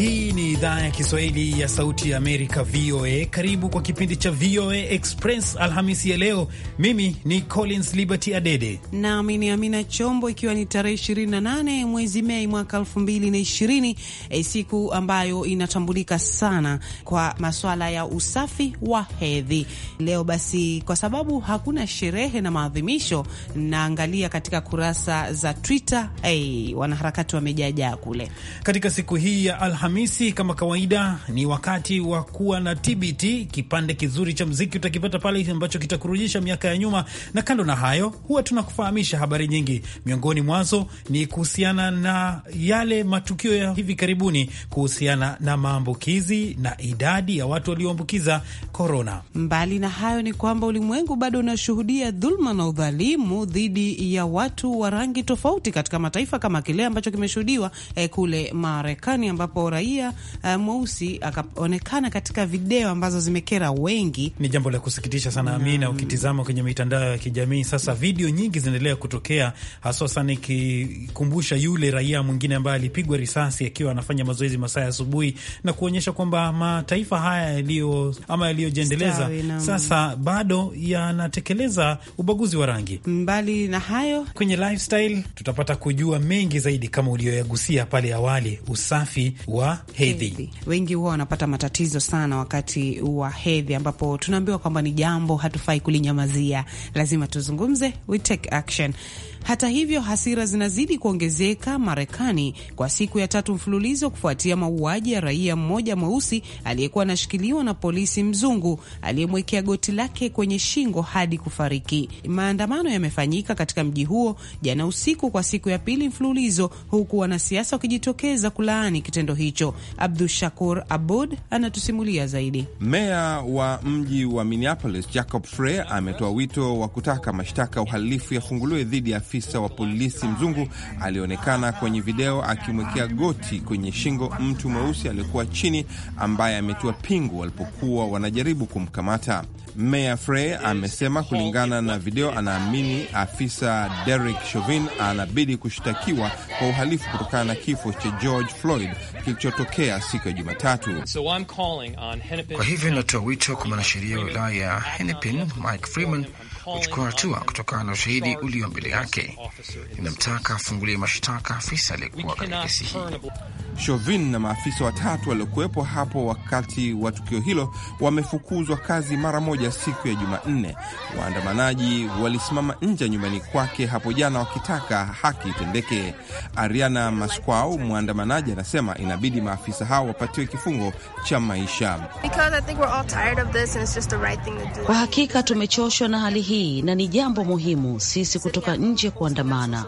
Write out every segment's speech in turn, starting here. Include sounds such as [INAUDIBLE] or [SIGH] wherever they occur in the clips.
Hii ni idhaa ya Kiswahili ya Sauti ya Amerika, VOA. Karibu kwa kipindi cha VOA Express Alhamisi ya leo. Mimi ni Collins Liberty Adede nami ni Amina Chombo, ikiwa ni tarehe 28 mwezi Mei mwaka 2020, e, siku ambayo inatambulika sana kwa maswala ya usafi wa hedhi. Leo basi, kwa sababu hakuna sherehe na maadhimisho, naangalia katika kurasa za Twitter. Hey, wanaharakati wamejajaa kule katika siku hii ya Alhamisi Alhamisi kama kawaida ni wakati wa kuwa na TBT. Kipande kizuri cha mziki utakipata pale ambacho kitakurudisha miaka ya nyuma, na kando na hayo, huwa tunakufahamisha habari nyingi. Miongoni mwazo ni kuhusiana na yale matukio ya hivi karibuni kuhusiana na maambukizi na idadi ya watu walioambukiza korona. Mbali na hayo, ni kwamba ulimwengu bado unashuhudia dhuluma na udhalimu dhidi ya watu wa rangi tofauti katika mataifa kama kile ambacho kimeshuhudiwa eh, kule Marekani ambapo raia uh, eh, mweusi akaonekana katika video ambazo zimekera wengi. Ni jambo la kusikitisha sana, Amina. Mm. Ukitizama kwenye mitandao ya kijamii sasa, video nyingi zinaendelea kutokea, haswa sana ikikumbusha yule raia mwingine ambaye alipigwa risasi akiwa anafanya mazoezi masaa ya asubuhi, na kuonyesha kwamba mataifa haya yaliyo ama yaliyojiendeleza sasa bado yanatekeleza ubaguzi wa rangi. Mbali na hayo, kwenye lifestyle tutapata kujua mengi zaidi kama ulioyagusia pale awali, usafi wa hedhi. Wengi huwa wanapata matatizo sana wakati wa hedhi, ambapo tunaambiwa kwamba ni jambo hatufai kulinyamazia, lazima tuzungumze, we take action. Hata hivyo, hasira zinazidi kuongezeka Marekani kwa siku ya tatu mfululizo kufuatia mauaji ya raia mmoja mweusi aliyekuwa anashikiliwa na polisi mzungu aliyemwekea goti lake kwenye shingo hadi kufariki. Maandamano yamefanyika katika mji huo jana usiku kwa siku ya pili mfululizo, huku wanasiasa wakijitokeza kulaani kitendo hicho hicho. Abdu Shakur Abud anatusimulia zaidi. Meya wa mji wa Minneapolis Jacob Frey ametoa wito wa kutaka mashtaka ya uhalifu yafunguliwe dhidi ya afisa wa polisi mzungu alionekana kwenye video akimwekea goti kwenye shingo mtu mweusi aliyekuwa chini ambaye ametua pingu walipokuwa wanajaribu kumkamata. Mayor Frey amesema kulingana na video, anaamini afisa Derek Chauvin anabidi kushtakiwa kwa uhalifu kutokana na kifo cha George Floyd kilichotokea siku ya Jumatatu. So kwa hivyo inatoa wito kwa mwanasheria wa wilaya ya Hennepin Mike Freeman kuchukua hatua kutokana na ushahidi ulio mbele yake. Inamtaka afungulie mashtaka afisa aliyekuwa katika kesi hii. Chauvin na maafisa watatu waliokuwepo hapo wakati wa tukio hilo wamefukuzwa kazi mara moja moja siku ya Jumanne, waandamanaji walisimama nje ya nyumbani kwake hapo jana wakitaka haki itendeke. Ariana Masquau, mwandamanaji, anasema inabidi maafisa hao wapatiwe kifungo cha maisha. Kwa hakika tumechoshwa na hali hii na ni jambo muhimu sisi kutoka nje kuandamana,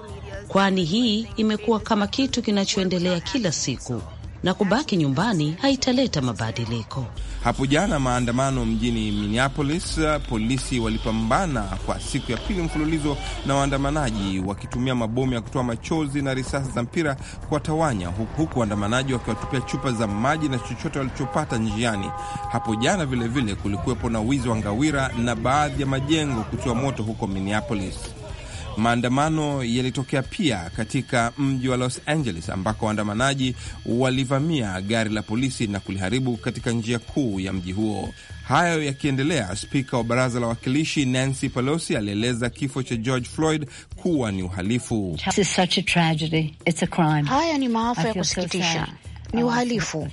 kwani hii imekuwa kama kitu kinachoendelea kila siku na kubaki nyumbani haitaleta mabadiliko. Hapo jana maandamano mjini Minneapolis, polisi walipambana kwa siku ya pili mfululizo na waandamanaji wakitumia mabomu ya kutoa machozi na risasi za mpira kuwatawanya, huku waandamanaji wakiwatupia chupa za maji na chochote walichopata njiani. Hapo jana vilevile kulikuwepo na wizi wa ngawira na baadhi ya majengo kutiwa moto huko Minneapolis. Maandamano yalitokea pia katika mji wa Los Angeles ambako waandamanaji walivamia gari la polisi na kuliharibu katika njia kuu ya mji huo. Hayo yakiendelea, spika wa baraza la wakilishi Nancy Pelosi alieleza kifo cha George Floyd kuwa ni uhalifu. Haya ni maafa ya kusikitisha ni uhalifu.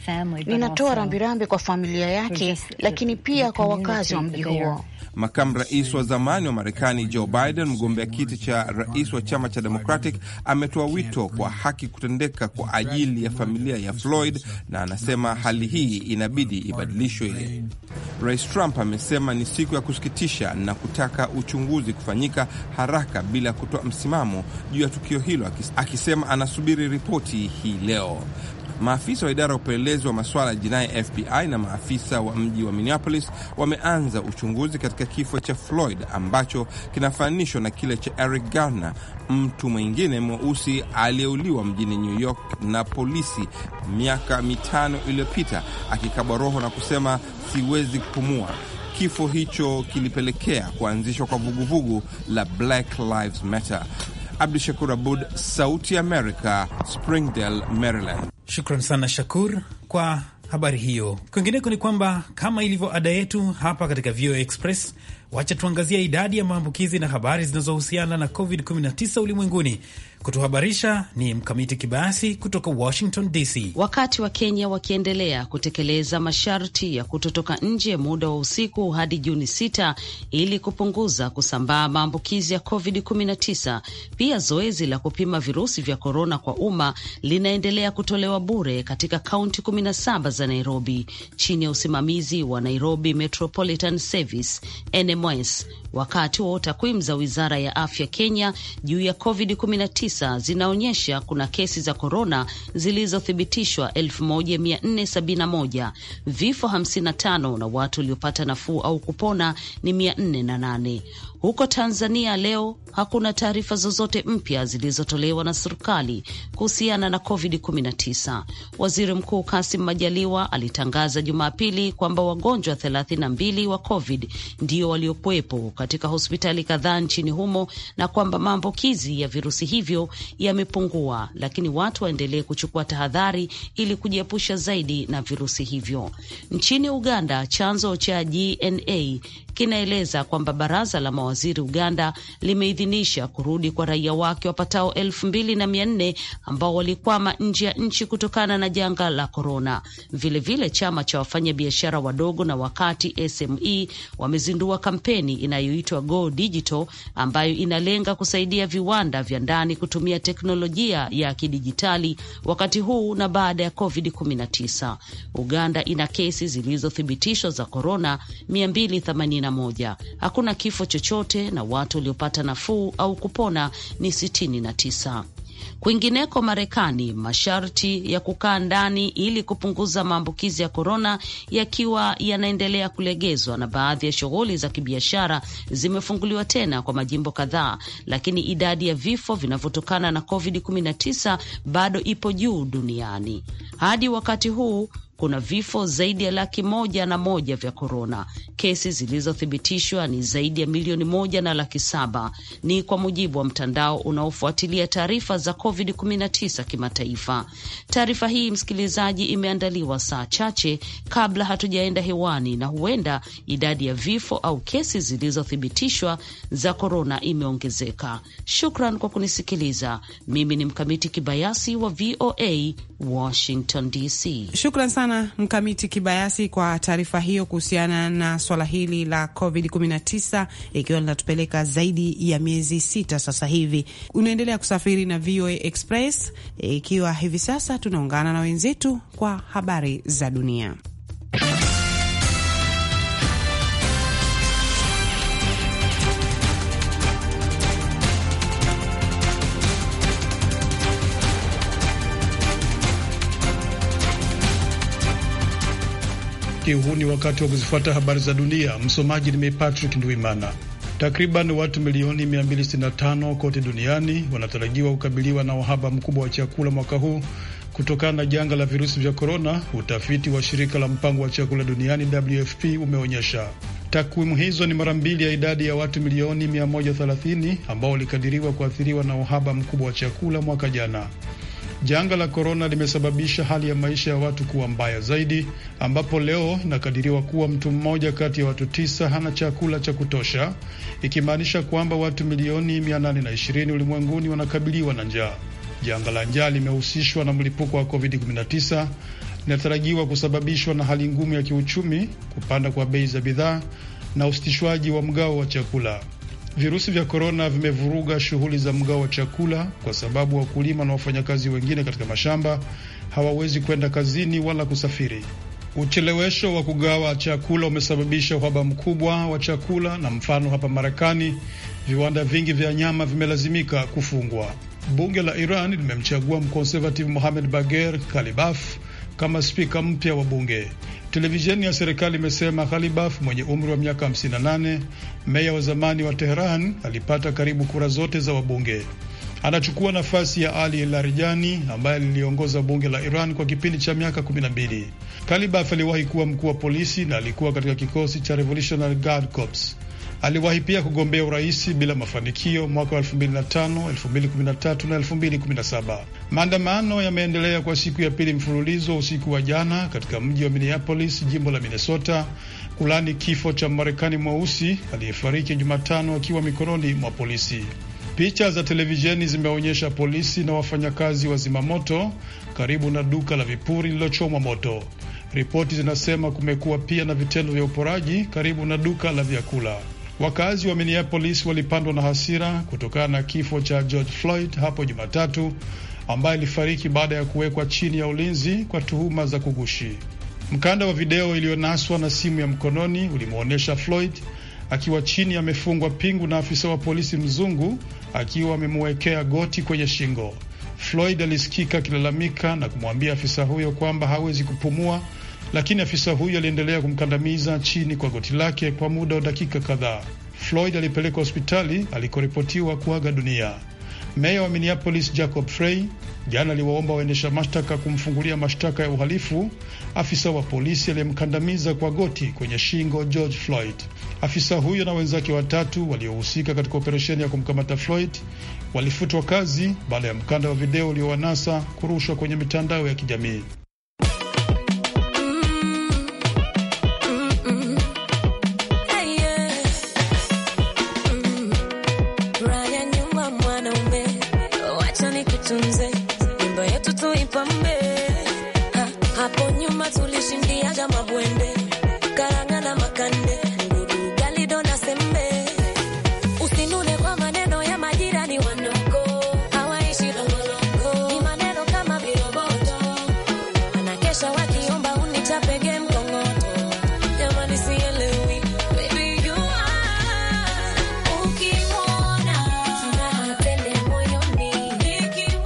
Ninatoa rambirambi kwa familia yake, lakini pia kwa wakazi wa mji huo. Makamu rais wa zamani wa Marekani Joe Biden, mgombea kiti cha rais wa chama cha Democratic, ametoa wito kwa haki kutendeka kwa ajili ya familia ya Floyd na anasema hali hii inabidi ibadilishwe. Rais Trump amesema ni siku ya kusikitisha na kutaka uchunguzi kufanyika haraka bila kutoa msimamo juu ya tukio hilo, akisema anasubiri ripoti hii leo. Maafisa wa idara ya upelelezi wa masuala ya jinai FBI na maafisa wa mji wa Minneapolis wameanza uchunguzi katika kifo cha Floyd ambacho kinafananishwa na kile cha Eric Garner, mtu mwingine mweusi aliyeuliwa mjini New York na polisi miaka mitano iliyopita akikabwa roho na kusema siwezi kupumua. Kifo hicho kilipelekea kuanzishwa kwa vuguvugu vugu la Black Lives Matter. Abdu Shakur Abud, Sauti America, Springdale, Maryland. Shukran sana Shakur kwa habari hiyo. Kwingineko ni kwamba kama ilivyo ada yetu hapa katika VOA Express, wacha tuangazia idadi ya maambukizi na habari zinazohusiana na COVID-19 ulimwenguni, Kutuhabarisha ni Mkamiti Kibayasi kutoka Washington DC. Wakati wa Kenya wakiendelea kutekeleza masharti ya kutotoka nje muda wa usiku hadi Juni sita ili kupunguza kusambaa maambukizi ya COVID-19, pia zoezi la kupima virusi vya korona kwa umma linaendelea kutolewa bure katika kaunti 17 za Nairobi chini ya usimamizi wa Nairobi Metropolitan Service NMS, wakati wa takwimu za wizara ya afya Kenya juu ya COVID-19 tisa zinaonyesha kuna kesi za korona zilizothibitishwa 1471, vifo 55 na watu waliopata nafuu au kupona ni 408. Huko Tanzania leo hakuna taarifa zozote mpya zilizotolewa na serikali kuhusiana na COVID-19. Waziri Mkuu Kassim Majaliwa alitangaza Jumapili kwamba wagonjwa 32 wa COVID ndio waliokuwepo katika hospitali kadhaa nchini humo na kwamba maambukizi ya virusi hivyo yamepungua, lakini watu waendelee kuchukua tahadhari ili kujiepusha zaidi na virusi hivyo. Nchini Uganda, chanzo cha GNA kinaeleza kwamba baraza la mawaziri Uganda limeidhinisha kurudi kwa raia wake wapatao elfu mbili na mia nne ambao walikwama nje ya nchi kutokana na janga la korona. Vilevile, chama cha wafanyabiashara wadogo na wakati SME wamezindua kampeni inayoitwa Go Digital ambayo inalenga kusaidia viwanda vya ndani kutumia teknolojia ya kidijitali wakati huu na baada ya COVID-19. Uganda ina kesi zilizothibitishwa za korona 281. Hakuna kifo chochote zote na watu waliopata nafuu au kupona ni 69. Kwingineko Marekani, masharti ya kukaa ndani ili kupunguza maambukizi ya korona yakiwa yanaendelea kulegezwa na baadhi ya shughuli za kibiashara zimefunguliwa tena kwa majimbo kadhaa, lakini idadi ya vifo vinavyotokana na COVID-19 bado ipo juu duniani. Hadi wakati huu kuna vifo zaidi ya laki moja na moja vya korona, Kesi zilizothibitishwa ni zaidi ya milioni moja na laki saba, ni kwa mujibu wa mtandao unaofuatilia taarifa za COVID-19 kimataifa. Taarifa hii, msikilizaji, imeandaliwa saa chache kabla hatujaenda hewani, na huenda idadi ya vifo au kesi zilizothibitishwa za korona imeongezeka. Shukran kwa kunisikiliza. Mimi ni Mkamiti Kibayasi wa VOA Washington DC. Shukran sana Mkamiti Kibayasi kwa taarifa hiyo kuhusiana na swala hili la COVID 19 ikiwa linatupeleka zaidi ya miezi sita sasa hivi. Unaendelea kusafiri na VOA Express ikiwa hivi sasa tunaungana na wenzetu kwa habari za dunia. msikilizaji, huu ni wakati wa kuzifuata habari za dunia. Msomaji ni mimi Patrick Ndwimana. Takriban watu milioni 265 kote duniani wanatarajiwa kukabiliwa na uhaba mkubwa wa chakula mwaka huu kutokana na janga la virusi vya korona, utafiti wa shirika la mpango wa chakula duniani WFP umeonyesha. Takwimu hizo ni mara mbili ya idadi ya watu milioni 130 ambao walikadiriwa kuathiriwa na uhaba mkubwa wa chakula mwaka jana. Janga la korona limesababisha hali ya maisha ya watu kuwa mbaya zaidi, ambapo leo inakadiriwa kuwa mtu mmoja kati ya watu tisa hana chakula cha kutosha, ikimaanisha kwamba watu milioni 820 ulimwenguni wanakabiliwa na njaa. Janga la njaa limehusishwa na mlipuko wa COVID-19, linatarajiwa kusababishwa na hali ngumu ya kiuchumi, kupanda kwa bei za bidhaa na usitishwaji wa mgao wa chakula. Virusi vya korona vimevuruga shughuli za mgao wa chakula kwa sababu wakulima na wafanyakazi wengine katika mashamba hawawezi kwenda kazini wala kusafiri. Uchelewesho wa kugawa chakula umesababisha uhaba mkubwa wa chakula, na mfano hapa Marekani viwanda vingi vya nyama vimelazimika kufungwa. Bunge la Iran limemchagua mkonservative Mohamed bager Kalibaf kama spika mpya wa bunge. Televisheni ya serikali imesema Ghalibaf mwenye umri wa miaka 58, meya wa zamani wa Teheran, alipata karibu kura zote za wabunge. Anachukua nafasi ya Ali Larijani ambaye aliliongoza bunge la Iran kwa kipindi cha miaka 12. Kalibaf aliwahi kuwa mkuu wa polisi na alikuwa katika kikosi cha Revolutionary Guard Corps. Aliwahi pia kugombea urais bila mafanikio mwaka wa 2005, 2013 na 2017. Maandamano yameendelea kwa siku ya pili mfululizo usiku wa jana katika mji wa Minneapolis, jimbo la Minnesota, kulani kifo cha Marekani mweusi aliyefariki Jumatano akiwa mikononi mwa polisi. Picha za televisheni zimeonyesha polisi na wafanyakazi wa zimamoto karibu na duka la vipuri lililochomwa moto. Ripoti zinasema kumekuwa pia na vitendo vya uporaji karibu na duka la vyakula. Wakazi wa Minneapolis walipandwa na hasira kutokana na kifo cha George Floyd hapo Jumatatu, ambaye alifariki baada ya kuwekwa chini ya ulinzi kwa tuhuma za kugushi. Mkanda wa video iliyonaswa na simu ya mkononi ulimwonyesha Floyd akiwa chini amefungwa pingu na afisa wa polisi mzungu akiwa amemwekea goti kwenye shingo. Floyd alisikika akilalamika na kumwambia afisa huyo kwamba hawezi kupumua lakini afisa huyo aliendelea kumkandamiza chini kwa goti lake kwa muda wa dakika kadhaa. Floyd alipelekwa hospitali alikoripotiwa kuaga dunia. Meya wa Minneapolis Jacob Frey jana aliwaomba waendesha mashtaka kumfungulia mashtaka ya uhalifu afisa wa polisi aliyemkandamiza kwa goti kwenye shingo George Floyd. Afisa huyo na wenzake watatu waliohusika katika operesheni ya kumkamata Floyd walifutwa kazi baada ya mkanda wa video uliowanasa kurushwa kwenye mitandao ya kijamii.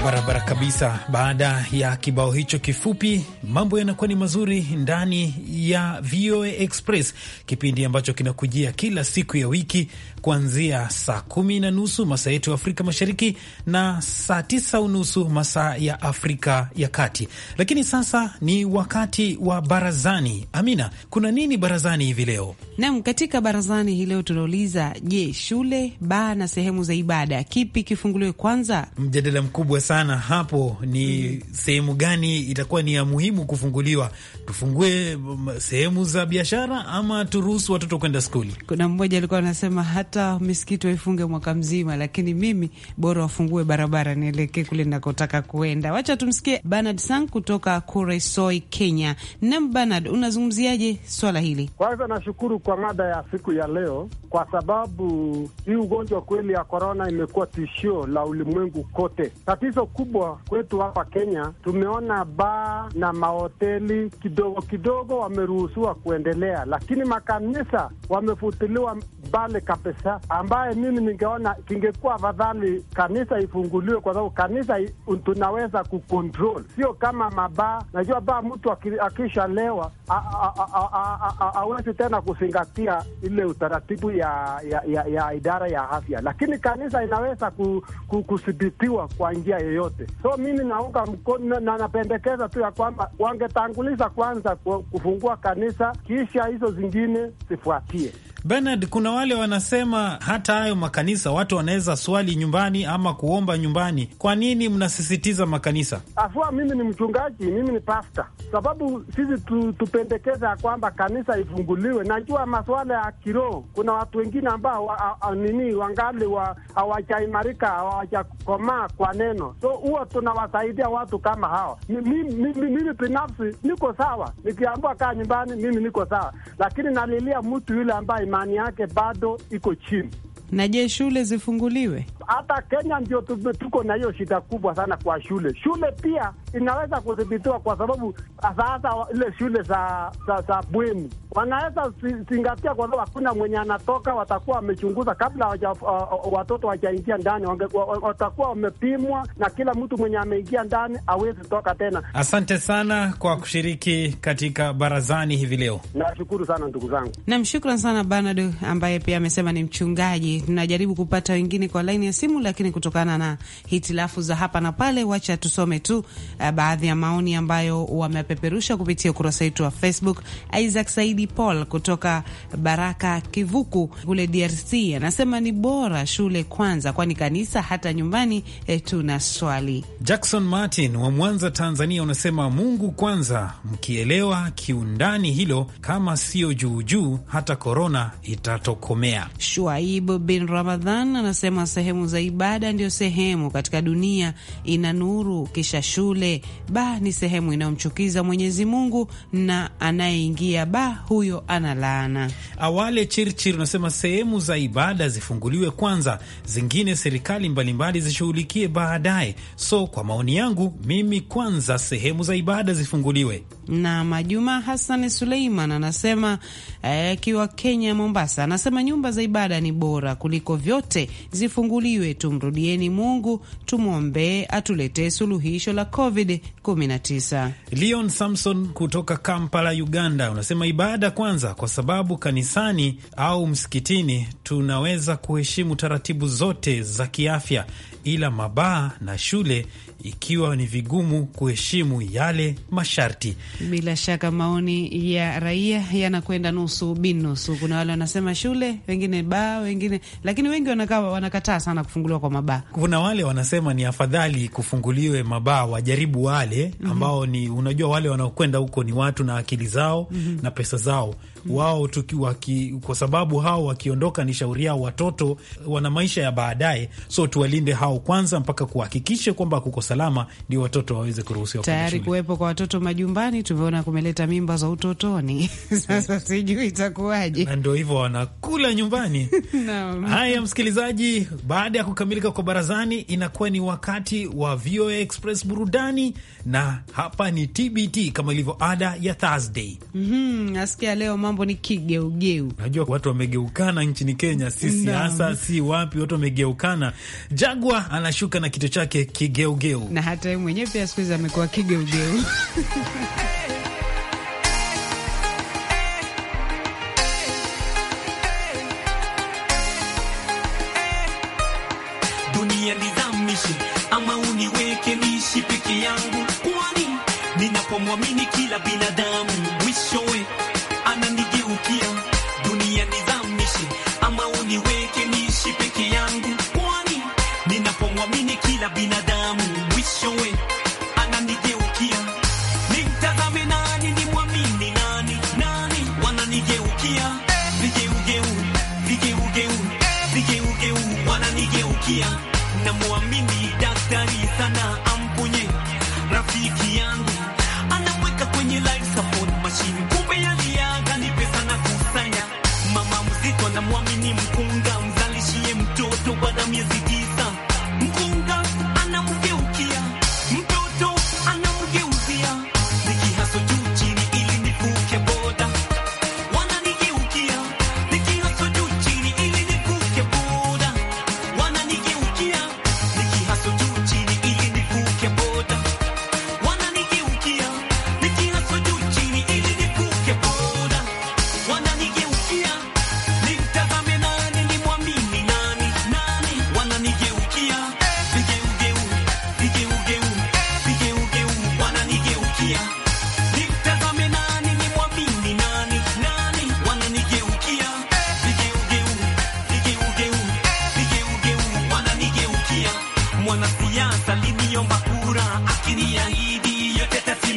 barabara kabisa. Baada ya kibao hicho kifupi, mambo yanakuwa ni mazuri ndani ya VOA Express, kipindi ambacho kinakujia kila siku ya wiki kuanzia saa kumi na nusu masaa yetu ya Afrika Mashariki na saa tisa unusu masaa ya Afrika ya Kati. Lakini sasa ni wakati wa barazani. Amina, kuna nini barazani hivi leo? Nam, katika barazani hii leo tunauliza, je, shule, baa na sehemu za ibada, kipi kifunguliwe kwanza? Mjadala mkubwa sana sana hapo ni mm, sehemu gani itakuwa ni ya muhimu kufunguliwa? Tufungue mm, sehemu za biashara ama turuhusu watoto kwenda skuli? Kuna mmoja alikuwa anasema hata misikiti waifunge mwaka mzima, lakini mimi bora wafungue barabara nielekee kule nakotaka kuenda. Wacha tumsikie Bernard Sang kutoka Kuresoi, Kenya. Nam Bernard, unazungumziaje swala hili? Kwanza nashukuru kwa mada ya siku ya leo, kwa sababu hii ugonjwa kweli ya korona imekuwa tishio la ulimwengu kote. Tatizo tatizo kubwa kwetu hapa Kenya, tumeona baa na mahoteli kidogo kidogo wameruhusiwa kuendelea, lakini makanisa wamefutiliwa mbali kabisa, ambaye mimi ningeona kingekuwa afadhali kanisa ifunguliwe, kwa sababu kanisa tunaweza ku sio kama mabaa. Najua baa mtu akishalewa hawezi tena kuzingatia ile utaratibu ya, ya, ya, ya idara ya afya, lakini kanisa inaweza kudhibitiwa kwa njia yoyote. So mimi naunga mkono na napendekeza tu ya kwamba wangetanguliza kwanza kufungua kanisa, kisha hizo zingine zifuatie. Bernard, kuna wale wanasema hata hayo makanisa watu wanaweza swali nyumbani ama kuomba nyumbani. Kwa nini mnasisitiza makanisa? Afua, mimi ni mchungaji, mimi ni pasta, sababu sisi tu, tupendekeza ya kwamba kanisa ifunguliwe. Najua masuala ya kiroho, kuna watu wengine ambao nini wangali hawajaimarika, hawajakomaa kwa neno, so huwa tunawasaidia watu kama hawa. Mimi binafsi niko sawa, nikiambua kaa nyumbani, mimi niko sawa, lakini nalilia mtu yule ambaye imani yake bado iko chini. Na je, shule zifunguliwe? Hata Kenya ndio tuko na hiyo shida kubwa sana kwa shule. Shule pia inaweza kudhibitiwa kwa sababu sasa ile shule za za, za bweni wanaweza zingatia, kwa sababu hakuna mwenye anatoka. Watakuwa wamechunguza kabla waja, uh, uh, watoto wajaingia ndani, watakuwa wamepimwa na kila mtu mwenye ameingia ndani awezi toka tena. Asante sana kwa kushiriki katika barazani hivi leo, nashukuru sana ndugu zangu. namshukuru sana Bernard ambaye pia amesema ni mchungaji. Tunajaribu kupata wengine kwa laini ya simu, lakini kutokana na hitilafu za hapa na pale, wacha tusome tu Eh, baadhi ya maoni ambayo wamepeperusha kupitia ukurasa wetu wa Facebook. Isaac Saidi Paul kutoka Baraka Kivuku kule DRC anasema ni bora shule kwanza, kwani kanisa hata nyumbani eh, tuna swali. Jackson Martin wa Mwanza, Tanzania unasema Mungu kwanza, mkielewa kiundani hilo kama sio juujuu, hata korona itatokomea. Shuaib bin Ramadhan anasema sehemu za ibada ndio sehemu katika dunia ina nuru, kisha shule ba ni sehemu inayomchukiza Mwenyezi Mungu na anayeingia ba huyo ana laana. Awale Chirchir unasema sehemu za ibada zifunguliwe kwanza, zingine serikali mbalimbali zishughulikie baadaye. So kwa maoni yangu mimi, kwanza sehemu za ibada zifunguliwe na Majuma Hassan Suleiman anasema eh, akiwa eh, Kenya, Mombasa, anasema nyumba za ibada ni bora kuliko vyote, zifunguliwe. Tumrudieni Mungu, tumwombee atuletee suluhisho la Covid 19. Leon Samson kutoka Kampala, Uganda, unasema ibada kwanza, kwa sababu kanisani au msikitini tunaweza kuheshimu taratibu zote za kiafya ila mabaa na shule ikiwa ni vigumu kuheshimu yale masharti. Bila shaka maoni ya raia yanakwenda nusu binusu. Kuna wale wanasema shule, wengine baa, wengine lakini wengi wanakaa wanakataa sana kufunguliwa kwa mabaa. Kuna wale wanasema ni afadhali kufunguliwe mabaa, wajaribu wale mhm. ambao ni unajua, wale wanaokwenda huko ni watu na akili zao mm -hmm. na pesa zao Mm. wao kwa sababu hao wakiondoka ni shauri yao, watoto wana maisha ya baadaye, so tuwalinde hao kwanza mpaka kuhakikishe kwamba kuko salama, ndio watoto waweze kuruhusiwa tayari kuwepo kwa watoto majumbani. Tumeona kumeleta mimba za utotoni [LAUGHS] sasa sijui itakuwaje, na ndio hivyo wanakula nyumbani [LAUGHS] Haya, msikilizaji, baada ya kukamilika kwa barazani, inakuwa ni wakati wa VOA Express burudani, na hapa ni TBT kama ilivyo ada ya Thursday. Mm -hmm, nasikia leo mama mambo ni kigeugeu. Najua watu wamegeukana nchini Kenya, si siasa si wapi, watu wamegeukana. Jagwa anashuka na kito chake kigeugeu, na hata yeye mwenyewe pia siku hizi amekuwa kigeugeu. Ama uniweke nishi peke yangu, kwani ninapomwamini kila binadamu vigeugeu, vigeugeu, vigeugeu wananigeukia, na muamini daktari sana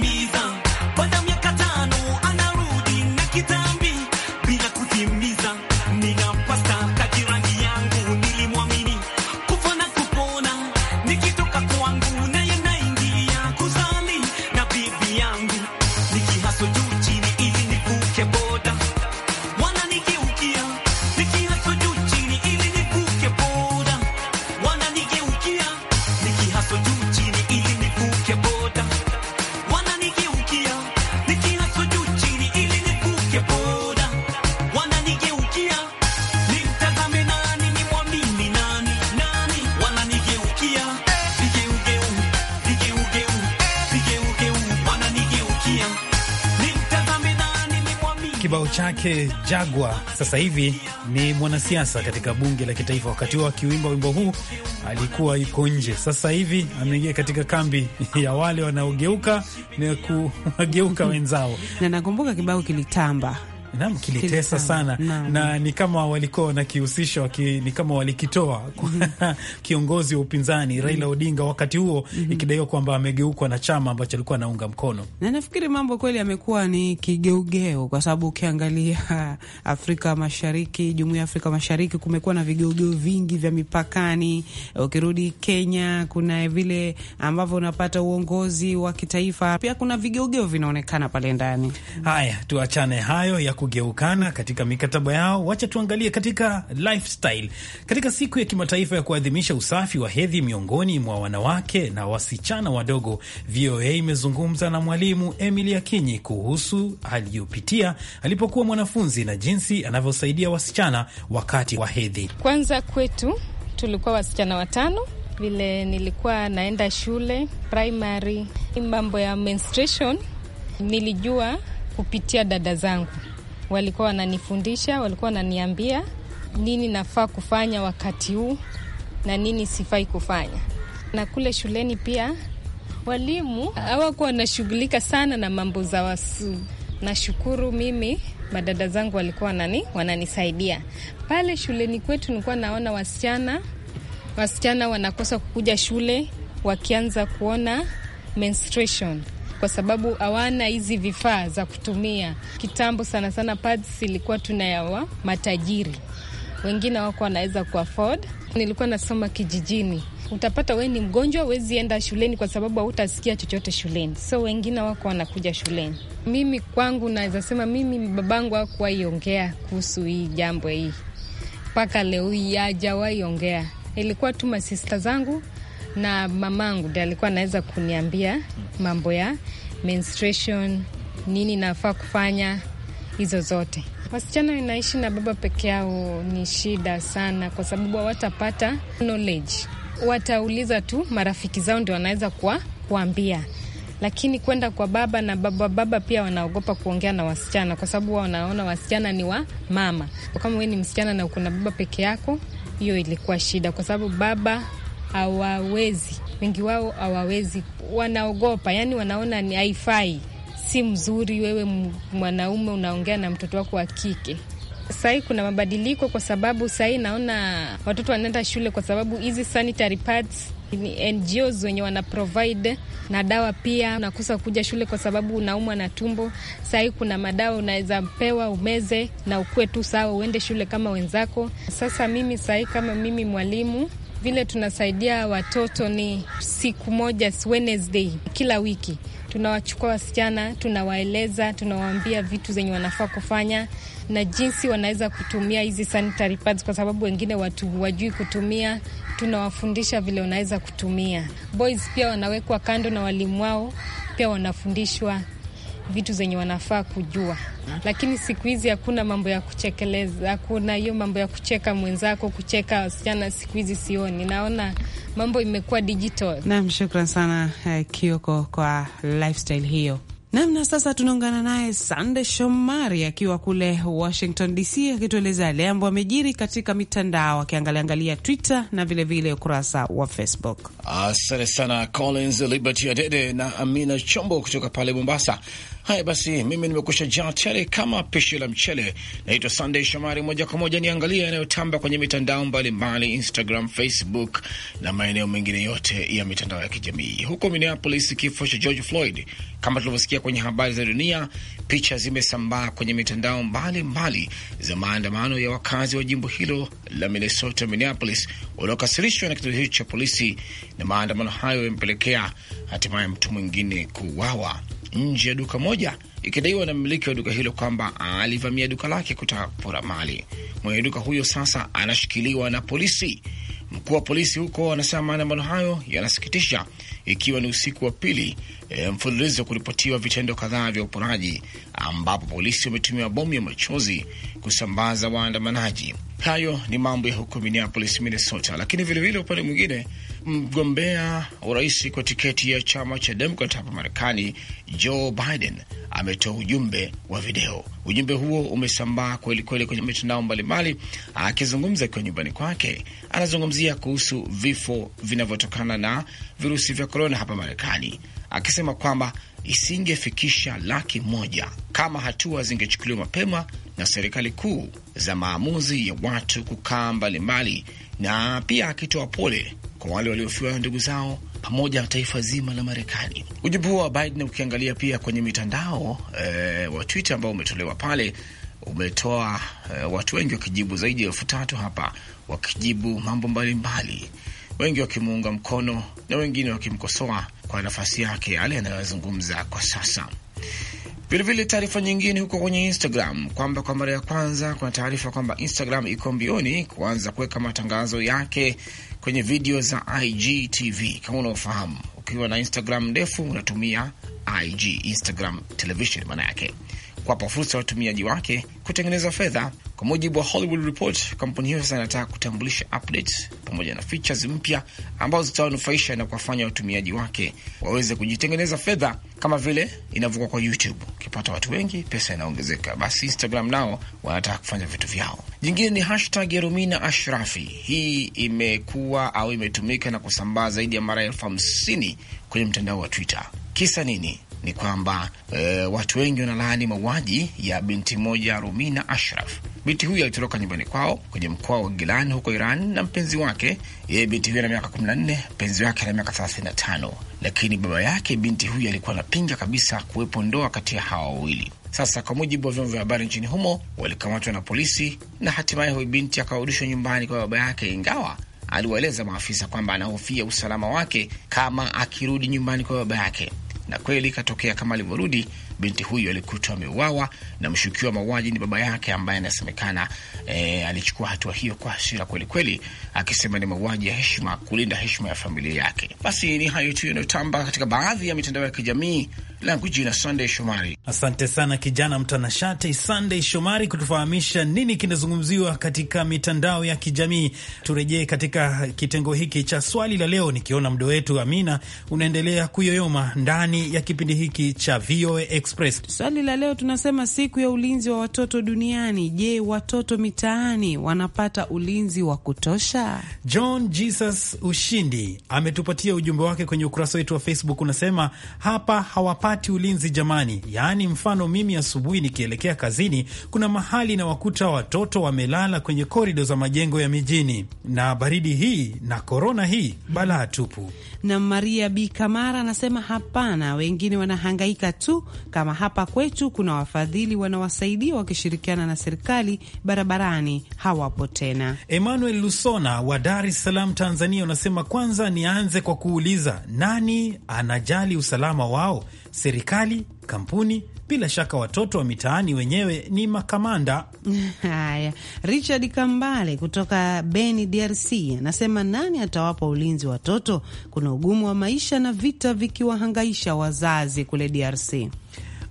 Me. kibao chake Jagwa. Sasa hivi ni mwanasiasa katika bunge la kitaifa. Wakati huo akiwimba wimbo huu alikuwa yuko nje, sasa hivi ameingia katika kambi ya wale wanaogeuka na kuwageuka [LAUGHS] wenzao, na nakumbuka kibao kilitamba naam, kilitesa sana na, na ni kama walikuwa wanakihusisha ki, ni kama walikitoa mhm. [LAUGHS] kiongozi wa upinzani mhm. Raila Odinga wakati huo mhm. ikidaiwa kwamba amegeukwa na chama ambacho alikuwa anaunga mkono, na nafikiri mambo kweli yamekuwa ni kigeugeu, kwa sababu ukiangalia [LAUGHS] Afrika Mashariki, jumuiya ya Afrika Mashariki, kumekuwa na vigeugeu vingi vya mipakani. Ukirudi Kenya, kuna vile ambavyo unapata uongozi wa kitaifa, pia kuna vigeugeu vinaonekana pale ndani. Haya, tuachane hayo ya ku kugeukana katika mikataba yao. Wacha tuangalie katika lifestyle. Katika siku ya kimataifa ya kuadhimisha usafi wa hedhi miongoni mwa wanawake na wasichana wadogo, VOA imezungumza na mwalimu Emily Akinyi kuhusu aliyopitia alipokuwa mwanafunzi na jinsi anavyosaidia wasichana wakati wa hedhi. Kwanza kwetu tulikuwa wasichana watano vile nilikuwa naenda shule primary, mambo ya menstruation nilijua kupitia dada zangu walikuwa wananifundisha, walikuwa wananiambia nini nafaa kufanya wakati huu na nini sifai kufanya. Na kule shuleni pia walimu hawakuwa wanashughulika sana na mambo za wasu. Nashukuru mimi madada zangu walikuwa nani wananisaidia pale shuleni kwetu. Nilikuwa naona wasichana wasichana wanakosa kukuja shule wakianza kuona menstruation kwa sababu hawana hizi vifaa za kutumia. Kitambo sana sana pads ilikuwa tunayawa matajiri, wengine wako wanaweza ku afford. Nilikuwa nasoma kijijini utapata we ni mgonjwa, wezi enda shuleni kwa sababu hautasikia chochote shuleni, so wengine wako wanakuja shuleni. Mimi kwangu naweza sema mimi babangu akuwaiongea kuhusu hii jambo hii mpaka leo hii, hajawaiongea. Ilikuwa tu masista zangu na mamangu ndiye alikuwa anaweza kuniambia mambo ya menstruation, nini nafaa kufanya, hizo zote. Wasichana inaishi na baba peke yao ni shida sana, kwa sababu hawatapata knowledge. Watauliza tu marafiki zao ndio wanaweza kuwa kuambia, lakini kwenda kwa baba na baba baba pia wanaogopa kuongea na wasichana, kwa sababu wao wanaona wasichana ni wa mama. Kama wewe ni msichana na uko na baba peke yako, hiyo ilikuwa shida, kwa sababu baba hawawezi, wengi wao hawawezi, wanaogopa, yani wanaona ni haifai, si mzuri. Wewe mwanaume unaongea na mtoto wako wa kike. Sahii kuna mabadiliko, kwa sababu sahii naona watoto wanaenda shule kwa sababu hizi sanitary pads ni NGOs wenye wana provide na dawa pia. Unakosa kuja shule kwa sababu unaumwa na tumbo. Sahii kuna madawa unaweza pewa umeze na ukue tu sawa, uende shule kama wenzako. Sasa mimi sahii kama mimi mwalimu vile tunasaidia watoto ni siku moja Wednesday kila wiki tunawachukua wasichana, tunawaeleza, tunawaambia vitu zenye wanafaa kufanya na jinsi wanaweza kutumia hizi sanitary pads, kwa sababu wengine watu wajui kutumia. Tunawafundisha vile wanaweza kutumia. Boys pia wanawekwa kando na walimu wao, pia wanafundishwa vitu zenye wanafaa kujua, lakini siku hizi hakuna mambo ya kuchekeleza, hakuna hiyo mambo ya kucheka mwenzako, kucheka wasichana. Siku hizi sioni, naona mambo imekuwa digital. Naam, shukran sana eh, Kioko kwa lifestyle hiyo namna. Sasa tunaungana naye Sande Shomari akiwa kule Washington DC, akitueleza yale ambayo amejiri katika mitandao, akiangaliangalia Twitter na vilevile ukurasa vile wa Facebook. Asante sana Collins Liberty Adede na Amina Chombo kutoka pale Mombasa. Haya basi, mimi nimekusha jaa tele kama pishi la mchele. Naitwa Sunday Shomari. Moja kwa moja angalia yanayotamba kwenye mitandao mbalimbali, Instagram, Facebook na maeneo mengine yote ya mitandao ya kijamii. Huko Minneapolis, kifo cha George Floyd kama tulivyosikia kwenye habari za dunia, picha zimesambaa kwenye mitandao mbalimbali za maandamano ya wakazi wa jimbo hilo la Minnesota, Minneapolis, waliokasirishwa na kitendo hicho cha polisi, na maandamano hayo yamepelekea hatimaye mtu mwingine kuuawa nje ya duka moja, ikidaiwa na mmiliki wa duka hilo kwamba alivamia duka lake kutaka kupora mali. Mwenye duka huyo sasa anashikiliwa na polisi. Mkuu wa polisi huko anasema maandamano hayo yanasikitisha, ikiwa ni usiku wa pili e, mfululizo wa kuripotiwa vitendo kadhaa vya uporaji, ambapo polisi wametumia bomu ya machozi kusambaza waandamanaji. Hayo ni mambo ya huko Minneapolis, Minnesota. Lakini vilevile upande mwingine mgombea urais kwa tiketi ya chama cha Demokrat hapa Marekani, Joe Biden ametoa ujumbe wa video. Ujumbe huo umesambaa kwelikweli kwenye mitandao mbalimbali. Akizungumza akiwa nyumbani kwake, anazungumzia kuhusu vifo vinavyotokana na virusi vya korona hapa Marekani, akisema kwamba isingefikisha laki moja kama hatua zingechukuliwa mapema na serikali kuu za maamuzi ya watu kukaa mbalimbali na pia akitoa pole kwa wale waliofiwa na ndugu zao pamoja na taifa zima la Marekani. Ujumbe huo wa Biden ukiangalia pia kwenye mitandao e, wa Twitter ambao umetolewa pale umetoa e, watu wengi wakijibu zaidi ya elfu tatu hapa wakijibu mambo mbalimbali mbali. Wengi wakimuunga mkono na wengine wakimkosoa kwa nafasi yake yale anayozungumza kwa sasa. Vilevile taarifa nyingine huko kwenye Instagram kwamba kwa mara ya kwanza kuna taarifa kwamba Instagram iko mbioni kuanza kuweka matangazo yake kwenye video za IGTV. Kama unaofahamu, ukiwa na Instagram ndefu unatumia IG, Instagram television maana yake, kuwapa fursa watumiaji wake kutengeneza fedha kwa mujibu wa Hollywood Report, kampuni hiyo sasa inataka kutambulisha updates pamoja na features mpya ambazo zitawanufaisha na kuwafanya watumiaji wake waweze kujitengeneza fedha, kama vile inavyokuwa kwa YouTube. Ukipata watu wengi, pesa inaongezeka. Basi Instagram nao wanataka kufanya vitu vyao. Jingine ni hashtag ya Romina Ashrafi. Hii imekuwa au imetumika na kusambaa zaidi ya mara elfu hamsini kwenye mtandao wa Twitter. Kisa nini? ni kwamba e, watu wengi wanalaani mauaji ya binti moja Rumina Ashraf. Binti huyo alitoroka nyumbani kwao kwenye mkoa wa Gilani huko Iran na mpenzi wake. Yeye binti huyo ana miaka 14, mpenzi wake ana miaka 35, lakini baba yake binti huyo alikuwa anapinga kabisa kuwepo ndoa kati ya hawa wawili. Sasa kwa mujibu wa vyombo vya habari nchini humo, walikamatwa na polisi na hatimaye huyu binti akarudishwa nyumbani kwa baba yake, ingawa aliwaeleza maafisa kwamba anahofia usalama wake kama akirudi nyumbani kwa baba yake na kweli ikatokea kama alivyorudi Binti huyu alikutwa ameuawa na mshukiwa mauaji ni baba yake ambaye anasemekana e, alichukua hatua hiyo kwa hasira kwelikweli, akisema ni mauaji ya heshima, kulinda heshima ya familia yake. Basi ni hayo tu yanayotamba katika baadhi ya mitandao ya kijamii. Langu jina Sunday Shomari. Asante sana kijana mtanashati Sunday Shomari kutufahamisha nini kinazungumziwa katika mitandao ya kijamii. Turejee katika kitengo hiki cha swali la leo, nikiona mdo wetu Amina unaendelea kuyoyoma ndani ya kipindi hiki cha VOA Express. Swali la leo tunasema siku ya ulinzi wa watoto duniani. Je, watoto mitaani wanapata ulinzi wa kutosha? John Jesus Ushindi ametupatia ujumbe wake kwenye ukurasa wetu wa Facebook, unasema hapa hawapati ulinzi jamani. Yaani mfano mimi asubuhi nikielekea kazini, kuna mahali na wakuta watoto wamelala kwenye korido za majengo ya mijini, na baridi hii na korona hii balaa tupu. Na Maria B Kamara anasema hapana, wengine wanahangaika tu kama hapa kwetu kuna wafadhili wanawasaidia wakishirikiana na serikali barabarani, hawapo tena. Emmanuel Lusona wa Dar es Salaam, Tanzania, unasema kwanza nianze kwa kuuliza nani anajali usalama wao, serikali, kampuni bila shaka watoto wa mitaani wenyewe ni makamanda. [LAUGHS] Haya, Richard Kambale kutoka Beni, DRC anasema nani atawapa ulinzi watoto? Kuna ugumu wa maisha na vita vikiwahangaisha wazazi kule DRC.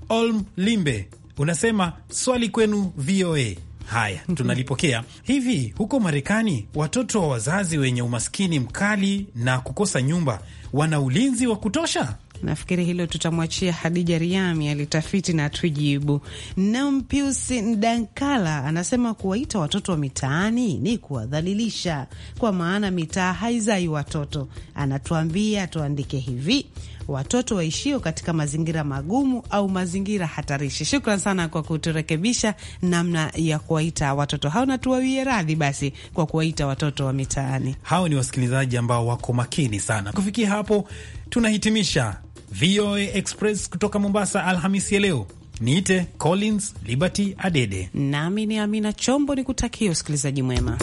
Olm Limbe unasema swali kwenu VOA. Haya, [LAUGHS] tunalipokea hivi. Huko Marekani, watoto wa wazazi wenye umaskini mkali na kukosa nyumba wana ulinzi wa kutosha? Nafikiri hilo tutamwachia Hadija Riami alitafiti na tujibu. Nampius Ndankala anasema kuwaita watoto wa mitaani ni kuwadhalilisha, kwa maana mitaa haizai watoto. Anatuambia tuandike hivi watoto waishio katika mazingira magumu au mazingira hatarishi. Shukran sana kwa kuturekebisha namna ya kuwaita watoto hao, na tuwawie radhi basi kwa kuwaita watoto wa mitaani. Hao ni wasikilizaji ambao wako makini sana. Kufikia hapo tunahitimisha VOA Express kutoka Mombasa, Alhamisi ya leo. Niite Collins Liberty Adede, nami ni Amina Chombo, ni kutakia usikilizaji mwema.